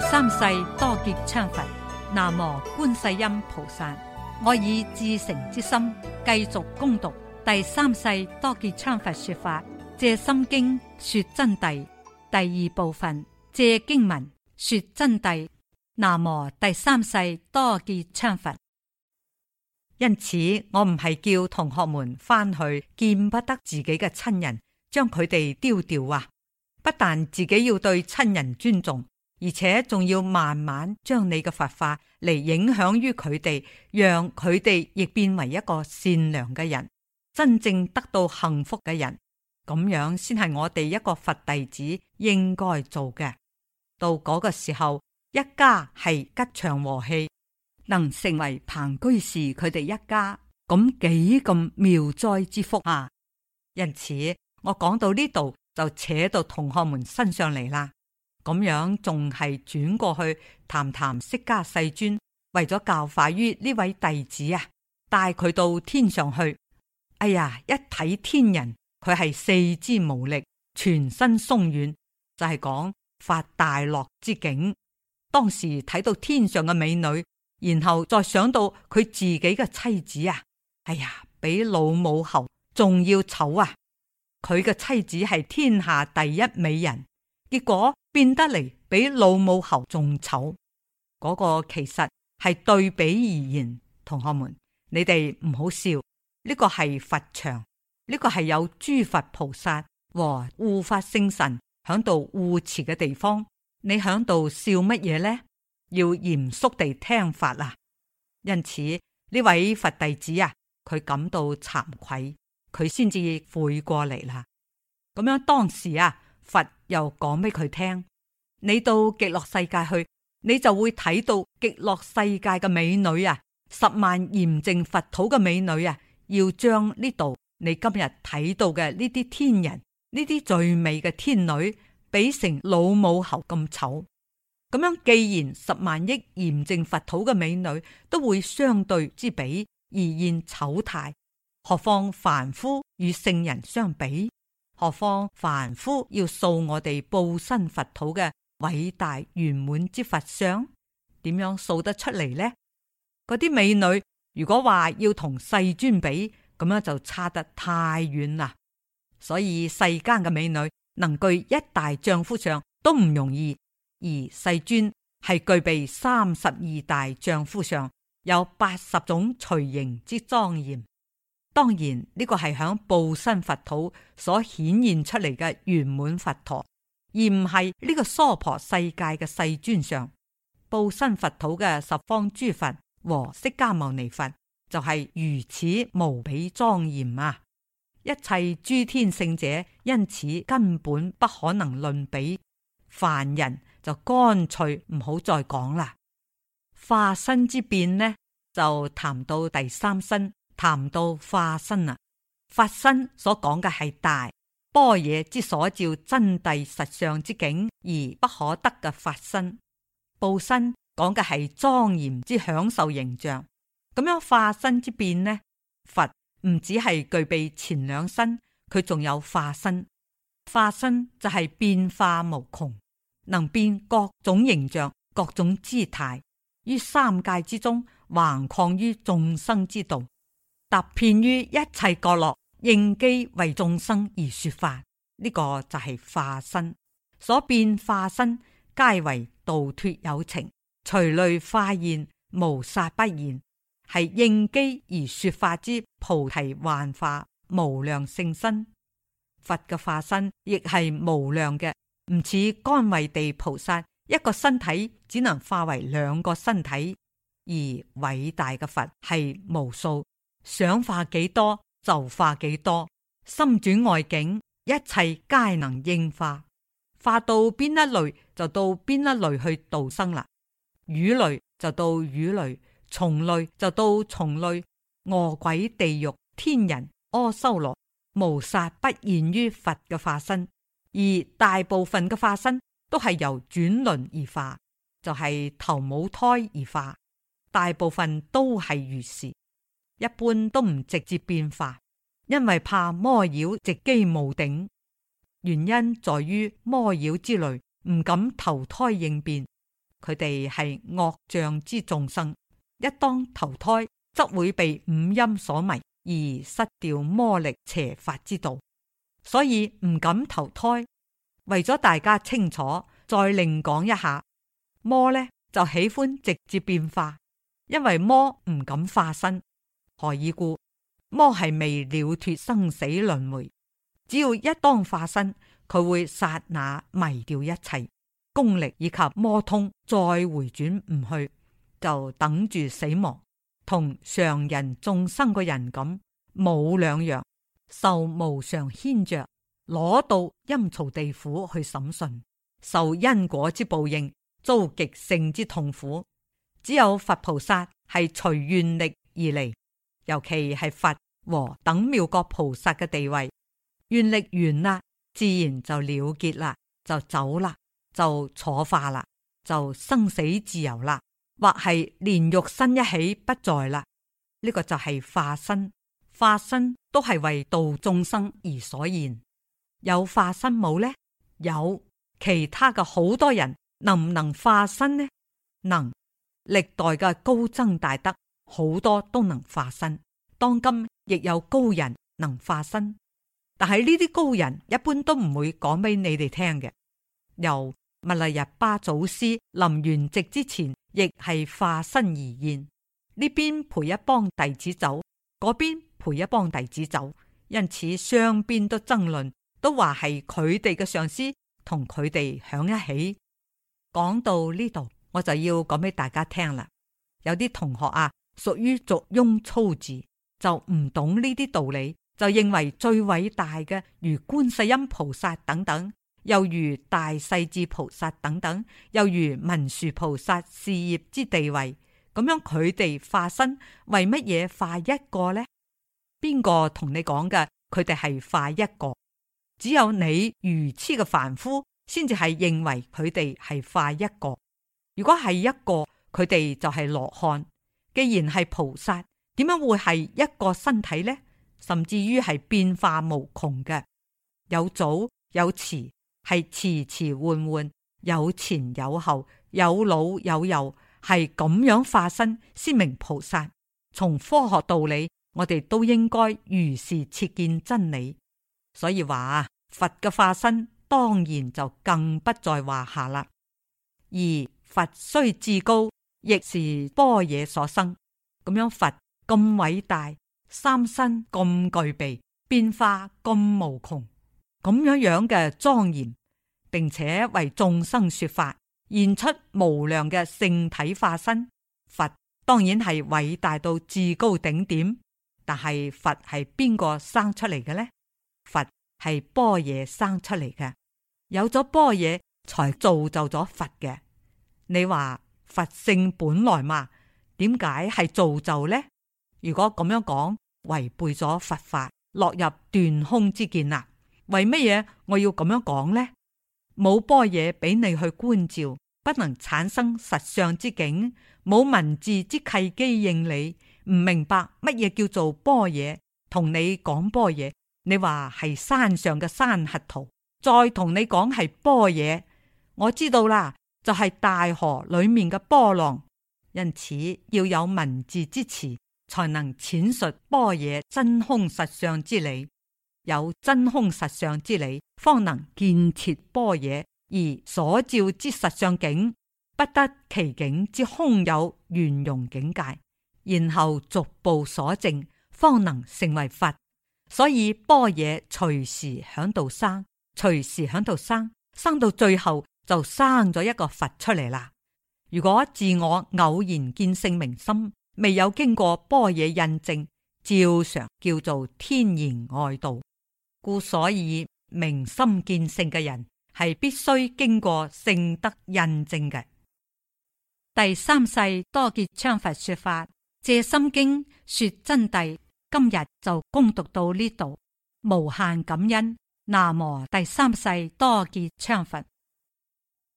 第三世多杰羌佛，南無觀世音菩薩。我以至誠之心繼續恭讀第三世多杰羌佛說法，藉心經說真諦第二部分，藉經文說真諦。南無第三世多杰羌佛。因此，我唔係叫同學們返去見不得自己嘅親人，將佢哋丟掉啊！不但自己要對親人尊重。而且仲要慢慢將你嘅佛法嚟影響於佢哋，讓佢哋亦變為一個善良嘅人，真正得到幸福嘅人。咁樣先係我哋一個佛弟子應該做嘅。到嗰個時候，一家係吉祥和氣，能成為龐居士佢哋一家，咁幾咁妙哉之福啊！因此，我講到呢度就扯到同學們身上嚟啦。咁樣仲係轉過去談談釋迦世尊為咗教化於呢位弟子啊，帶佢到天上去。哎呀，一睇天人，佢係四肢無力，全身鬆軟，就係、是、講發大樂之境。當時睇到天上嘅美女，然後再想到佢自己嘅妻子啊，哎呀，比老母猴仲要醜啊！佢嘅妻子係天下第一美人，結果。變得嚟，比老母猴仲醜，嗰個其實係對比而言。同學們，你哋唔好笑，呢個係佛場，呢個係有諸佛菩薩和護法聖神響度護持嘅地方。你響度笑乜嘢呢？要嚴肅地聽法啦！因此呢位佛弟子啊，佢感到慚愧，佢先至悔過嚟啦。咁樣當時啊。佛又講俾佢聽：你到極樂世界去，你就會睇到極樂世界嘅美女啊，十萬嚴正佛土嘅美女啊，要將呢度你今日睇到嘅呢啲天人，呢啲最美嘅天女，比成老母猴咁醜。咁樣既然十萬億嚴正佛土嘅美女都會相對之比而現醜態，何況凡夫與聖人相比？何況凡夫要掃我哋報身佛土嘅偉大圓滿之佛相，點樣掃得出嚟呢？嗰啲美女如果話要同世尊比，咁樣就差得太遠啦。所以世間嘅美女能具一大丈夫相都唔容易，而世尊係具備三十二大丈夫相，有八十種隨形之莊嚴。當然，呢、這個係響報身佛土所顯現出嚟嘅圓滿佛陀，而唔係呢個娑婆世界嘅世尊上。報身佛土嘅十方諸佛和釋迦牟尼佛就係如此無比莊嚴啊！一切諸天聖者因此根本不可能論比凡人，就乾脆唔好再講啦。化身之變呢，就談到第三身。談到化身啊，法身所講嘅係大般若之所照真諦實相之境而不可得嘅法身，報身講嘅係莊嚴之享受形象。咁樣化身之變呢？佛唔只係具備前兩身，佢仲有化身。化身就係變化無窮，能變各種形象、各種姿態，於三界之中橫跨於眾生之道。踏遍於一切角落，應機為眾生而說法，呢、這個就係化身所變。化身皆為度脱有情，隨類化現，無剎不現，係應機而說法之菩提幻化無量聖身。佛嘅化身亦係無量嘅，唔似干為地菩薩一個身體只能化為兩個身體，而偉大嘅佛係無數。想化幾多就化幾多，心轉外境，一切皆能應化。化到邊一類就到邊一類去度生啦。羽類就到羽類，蟲類就到蟲類。餓鬼、地獄、天人、阿修羅，無剎不現於佛嘅化身，而大部分嘅化身都係由轉輪而化，就係、是、投母胎而化，大部分都係如是。一般都唔直接變化，因為怕魔妖直擊無頂。原因在於魔妖之類唔敢投胎應變，佢哋係惡象之眾生，一當投胎則會被五陰所迷而失掉魔力邪法之道，所以唔敢投胎。為咗大家清楚，再另講一下魔呢，就喜歡直接變化，因為魔唔敢化身。何以故？魔係未了脫生死輪回，只要一當化身，佢會剎那迷掉一切功力以及魔通，再回轉唔去，就等住死亡，同常人眾生個人咁冇兩樣，受無常牽著，攞到陰曹地府去審訊，受因果之報應，遭極性之痛苦。只有佛菩薩係隨願力而嚟。尤其係佛和等妙國菩薩嘅地位，願力完啦，自然就了結啦，就走啦，就坐化啦，就生死自由啦，或係連肉身一起不在啦，呢、這個就係化身。化身都係為度眾生而所現。有化身冇呢？有，其他嘅好多人能唔能化身呢？能。歷代嘅高僧大德，好多都能化身，當今亦有高人能化身，但係呢啲高人一般都唔會講俾你哋聽嘅。由密勒日巴祖師臨圓寂之前，亦係化身而現。呢邊陪一幫弟子走，嗰邊陪一幫弟子走，因此雙邊都爭論，都話係佢哋嘅上司同佢哋響一起。講到呢度，我就要講俾大家聽啦。有啲同學啊。屬於俗庸粗字，就唔懂呢啲道理，就認為最偉大嘅如觀世音菩薩等等，又如大勢至菩薩等等，又如文殊菩薩事業之地位，咁樣佢哋化身為乜嘢化一個呢？邊個同你講嘅？佢哋係化一個，只有你愚痴嘅凡夫先至係認為佢哋係化一個。如果係一個，佢哋就係羅漢。既然係菩薩，點樣會係一個身體呢？甚至於係變化無窮嘅，有早有遲，係遲遲換換，有前有後，有老有幼，係咁樣化身先明菩薩。從科學道理，我哋都應該如是切見真理。所以話，佛嘅化身當然就更不在話下啦。而佛須至高。亦是般若所生，咁樣佛咁偉大，三身咁具備，變化咁無窮，咁樣樣嘅莊嚴，並且為眾生說法，現出無量嘅聖體化身。佛當然係偉大到至高頂點，但係佛係邊個生出嚟嘅呢？佛係般若生出嚟嘅，有咗般若，才造就咗佛嘅。你話？佛性本來嘛，點解係造就呢？如果咁樣講，違背咗佛法，落入斷空之見啊！為乜嘢我要咁樣講呢？冇般若俾你去觀照，不能產生實相之境，冇文字之契機應理，唔明白乜嘢叫做般若。同你講般若，你話係山上嘅山核桃，再同你講係般若，我知道啦。就係大河裏面嘅波浪，因此要有文字支持，才能闡述般若真空實相之理。有真空實相之理，方能建設般若，而所照之實相境，不得其境之空有圓融境界。然後逐步所證，方能成為佛。所以般若隨時響度生，隨時響度生生到最後。就生咗一個佛出嚟啦。如果自我偶然見性明心，未有經過般若印證，照常叫做天然外道。故所以明心見性嘅人係必須經過聖德印證嘅。第三世多杰羌佛說法《藉心經》說真諦，今日就攻讀到呢度，無限感恩。那麼第三世多杰羌佛。